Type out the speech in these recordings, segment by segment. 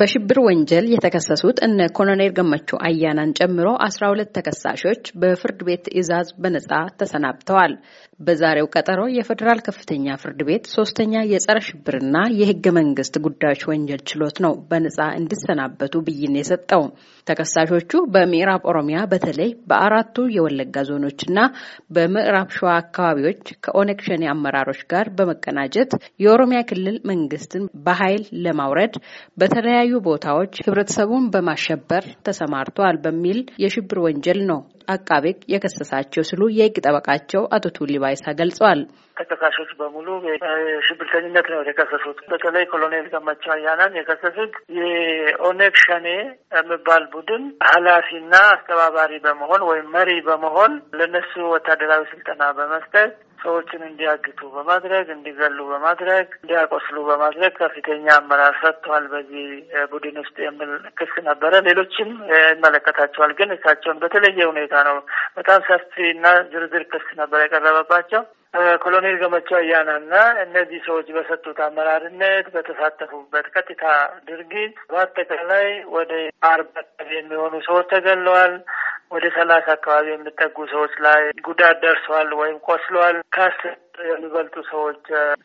በሽብር ወንጀል የተከሰሱት እነ ኮሎኔል ገመቹ አያናን ጨምሮ አስራ ሁለት ተከሳሾች በፍርድ ቤት ትዕዛዝ በነጻ ተሰናብተዋል። በዛሬው ቀጠሮ የፌዴራል ከፍተኛ ፍርድ ቤት ሶስተኛ የጸረ ሽብርና የህገ መንግስት ጉዳዮች ወንጀል ችሎት ነው በነጻ እንዲሰናበቱ ብይን የሰጠው። ተከሳሾቹ በምዕራብ ኦሮሚያ በተለይ በአራቱ የወለጋ ዞኖችና በምዕራብ ሸዋ አካባቢዎች ከኦነግ ሸኔ አመራሮች ጋር በመቀናጀት የኦሮሚያ ክልል መንግስትን በኃይል ለማውረድ በተለያዩ ቦታዎች ህብረተሰቡን በማሸበር ተሰማርተዋል በሚል የሽብር ወንጀል ነው አቃቤ ሕግ የከሰሳቸው ስሉ የህግ ጠበቃቸው አቶ ቱሊ ባይሳ ገልጸዋል። ተከሳሾች በሙሉ ሽብርተኝነት ነው የተከሰሱት። በተለይ ኮሎኔል ገመቻ አያናን የከሰሱት የኦነግ ሸኔ የሚባል ቡድን ኃላፊና አስተባባሪ በመሆን ወይም መሪ በመሆን ለነሱ ወታደራዊ ስልጠና በመስጠት ሰዎችን እንዲያግቱ በማድረግ እንዲገሉ በማድረግ እንዲያቆስሉ በማድረግ ከፍተኛ አመራር ሰጥተዋል በዚህ ቡድን ውስጥ የሚል ክስ ነበረ። ሌሎችም ይመለከታቸዋል፣ ግን እሳቸውን በተለየ ሁኔታ ነው። በጣም ሰፊ እና ዝርዝር ክስ ነበር የቀረበባቸው። ኮሎኔል ገመቹ አያና እና እነዚህ ሰዎች በሰጡት አመራርነት በተሳተፉበት ቀጥታ ድርጊት በአጠቃላይ ወደ አርባ የሚሆኑ ሰዎች ተገለዋል። ወደ ሰላሳ አካባቢ የሚጠጉ ሰዎች ላይ ጉዳት ደርሰዋል ወይም ቆስለዋል። ከአስር የሚበልጡ ሰዎች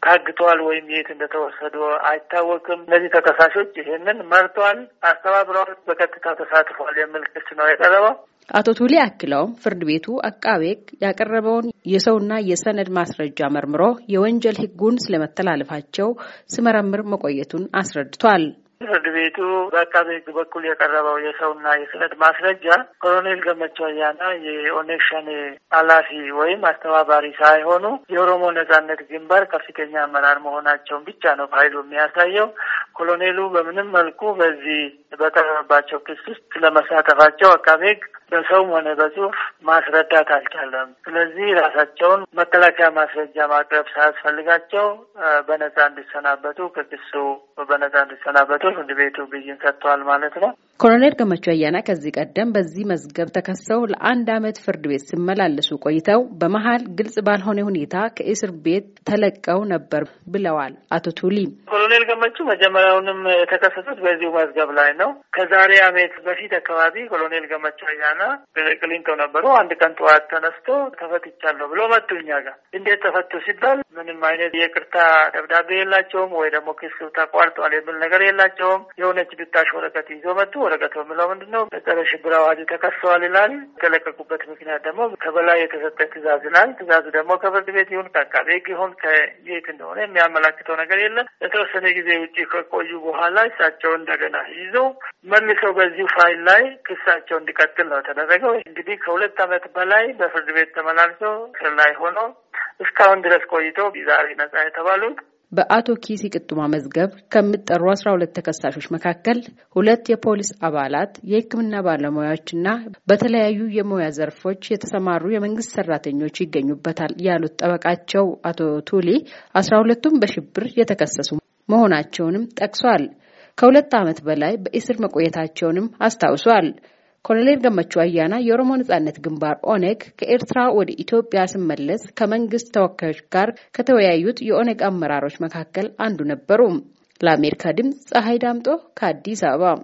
ታግተዋል ወይም የት እንደተወሰዱ አይታወቅም። እነዚህ ተከሳሾች ይህንን መርተዋል፣ አስተባብረዋል፣ በቀጥታ ተሳትፏል የሚል ክስ ነው የቀረበው። አቶ ቱሊ አክለውም ፍርድ ቤቱ አቃቤ ሕግ ያቀረበውን የሰውና የሰነድ ማስረጃ መርምሮ የወንጀል ሕጉን ስለመተላለፋቸው ስመረምር መቆየቱን አስረድቷል። ፍርድ ቤቱ በአቃቤ ሕግ በኩል የቀረበው የሰውና የስለት ማስረጃ ኮሎኔል ገመቹ አያና የኦነግ ሸኔ ኃላፊ ወይም አስተባባሪ ሳይሆኑ የኦሮሞ ነጻነት ግንባር ከፍተኛ አመራር መሆናቸውን ብቻ ነው ፋይሉ የሚያሳየው። ኮሎኔሉ በምንም መልኩ በዚህ በቀረበባቸው ክስ ውስጥ ስለመሳተፋቸው አቃቤ ሕግ በሰውም ሆነ በጽሁፍ ማስረዳት አልቻለም። ስለዚህ ራሳቸውን መከላከያ ማስረጃ ማቅረብ ሳያስፈልጋቸው በነጻ እንዲሰናበቱ ከክሱ በነጻ እንዲሰናበቱ ፍርድ ቤቱ ብይን ሰጥተዋል ማለት ነው። ኮሎኔል ገመቹ አያና ከዚህ ቀደም በዚህ መዝገብ ተከሰው ለአንድ ዓመት ፍርድ ቤት ሲመላለሱ ቆይተው በመሀል ግልጽ ባልሆነ ሁኔታ ከእስር ቤት ተለቀው ነበር ብለዋል አቶ ቱሊ። ኮሎኔል ገመቹ መጀመሪያውንም የተከሰሱት በዚሁ መዝገብ ላይ ነው። ከዛሬ ዓመት በፊት አካባቢ ኮሎኔል ገመቹ አያና እና ክሊንተን ነበሩ። አንድ ቀን ጠዋት ተነስቶ ተፈትቻለሁ ብሎ መጡ እኛ ጋር። እንዴት ተፈቱ ሲባል ምንም አይነት የቅርታ ደብዳቤ የላቸውም ወይ ደግሞ ክስ ተቋርጧል የሚል ነገር የላቸውም። የሆነች ብጣሽ ወረቀት ይዞ መጡ። ወረቀት የምለው ምንድን ነው? በጸረ ሽብር አዋጅ ተከሰዋል ይላል። የተለቀቁበት ምክንያት ደግሞ ከበላይ የተሰጠ ትእዛዝ ይላል። ትእዛዙ ደግሞ ከፍርድ ቤት ይሁን ከአቃቤ ሕግ ይሁን ከየት እንደሆነ የሚያመላክተው ነገር የለም። ለተወሰነ ጊዜ ውጭ ከቆዩ በኋላ እሳቸው እንደገና ይዞ መልሰው በዚሁ ፋይል ላይ ክሳቸው እንዲቀጥል ነው የተደረገው እንግዲህ ከሁለት ዓመት በላይ በፍርድ ቤት ተመላልሶ ስር ላይ ሆኖ እስካሁን ድረስ ቆይቶ ዛሬ ነጻ የተባሉት በአቶ ኪሲ ቅጡማ መዝገብ ከሚጠሩ አስራ ሁለት ተከሳሾች መካከል ሁለት የፖሊስ አባላት፣ የሕክምና ባለሙያዎችና በተለያዩ የሙያ ዘርፎች የተሰማሩ የመንግስት ሰራተኞች ይገኙበታል ያሉት ጠበቃቸው አቶ ቱሊ አስራ ሁለቱም በሽብር የተከሰሱ መሆናቸውንም ጠቅሷል። ከሁለት ዓመት በላይ በእስር መቆየታቸውንም አስታውሷል። ኮሎኔል ገመቹ አያና የኦሮሞ ነጻነት ግንባር ኦነግ ከኤርትራ ወደ ኢትዮጵያ ስመለስ ከመንግስት ተወካዮች ጋር ከተወያዩት የኦነግ አመራሮች መካከል አንዱ ነበሩ። ለአሜሪካ ድምፅ ፀሐይ ዳምጦ ከአዲስ አበባ